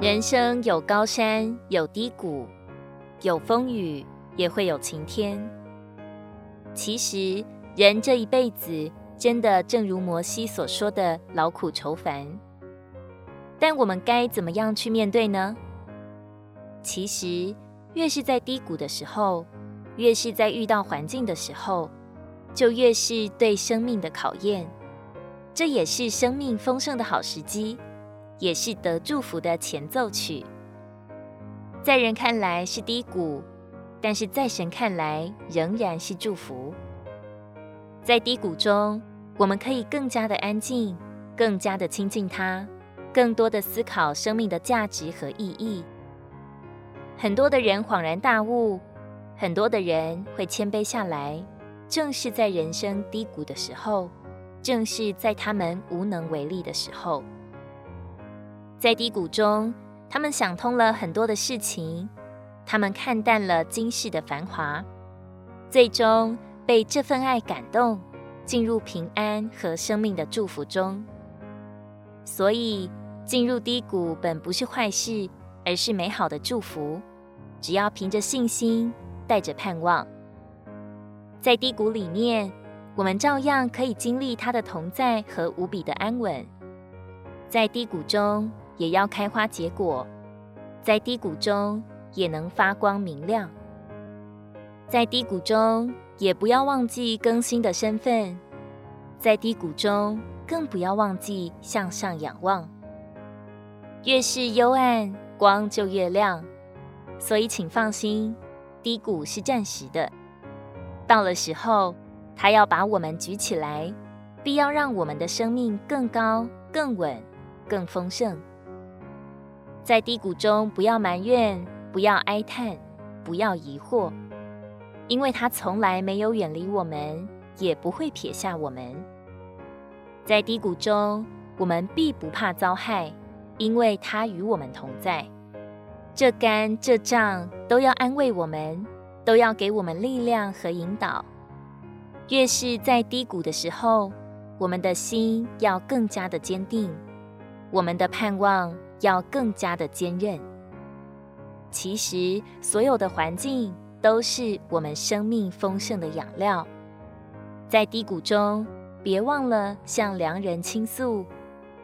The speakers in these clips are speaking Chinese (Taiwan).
人生有高山，有低谷，有風雨，也會有晴天。其實，人這一輩子真的正如摩西所說的“勞苦愁煩”，但我們該怎麼樣去面對呢？其實，越是在低谷的時候，越是在遇到環境的時候，就越是對生命的考驗。這也是生命豐盛的好時機，也是得祝福的前奏曲。在人看來是低谷，但是在神看來仍然是祝福。在低谷中，我們可以更加的安靜，更加的親近祂，更多的思考生命的價值和意義。很多的人恍然大悟，很多的人會謙卑下來，正是在人生低谷的時候。正是在他們無能為力的時候，在低谷中，他們想通了很多的事情，他們看淡了今世的繁華，最終被這份愛感動，進入平安和生命的祝福中。所以，進入低谷本不是壞事，而是美好的祝福。只要憑着信心，帶着盼望，在低谷裡面。我們照樣可以經歷他的同在和無比的安穩，在低谷中也要開花結果，在低谷中也能發光明亮，在低谷中也不要忘記更新的身份，在低谷中更不要忘記向上仰望。越是幽暗，光就越亮，所以請放心，低谷是暫時的，到了時候，他要把我們舉起來，必要讓我們的生命更高、更穩、更豐盛。在低谷中，不要埋怨，不要哀嘆，不要疑惑，因為他從來沒有遠離我們，也不會撇下我們。在低谷中，我們必不怕遭害，因為他與我們同在。這竿這杖都要安慰我們，都要給我們力量和引導。越是在低谷的時候，我們的心要更加的堅定，我們的盼望要更加的堅韌。其實，所有的環境都是我們生命豐盛的養料。在低谷中，別忘了向良人傾訴，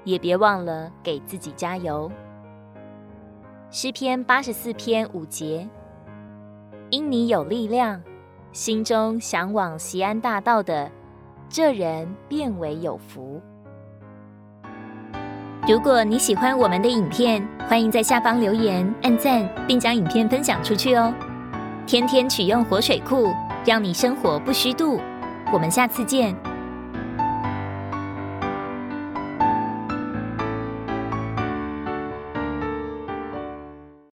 也別忘了給自己加油。詩篇八十四篇五節：因你有力量。心中嚮往西安大道的這人，便為有福。如果你喜歡我們的影片，歡迎在下方留言、按讚，並將影片分享出去哦。天天取用活水庫，讓你生活不虛度。我們下次見。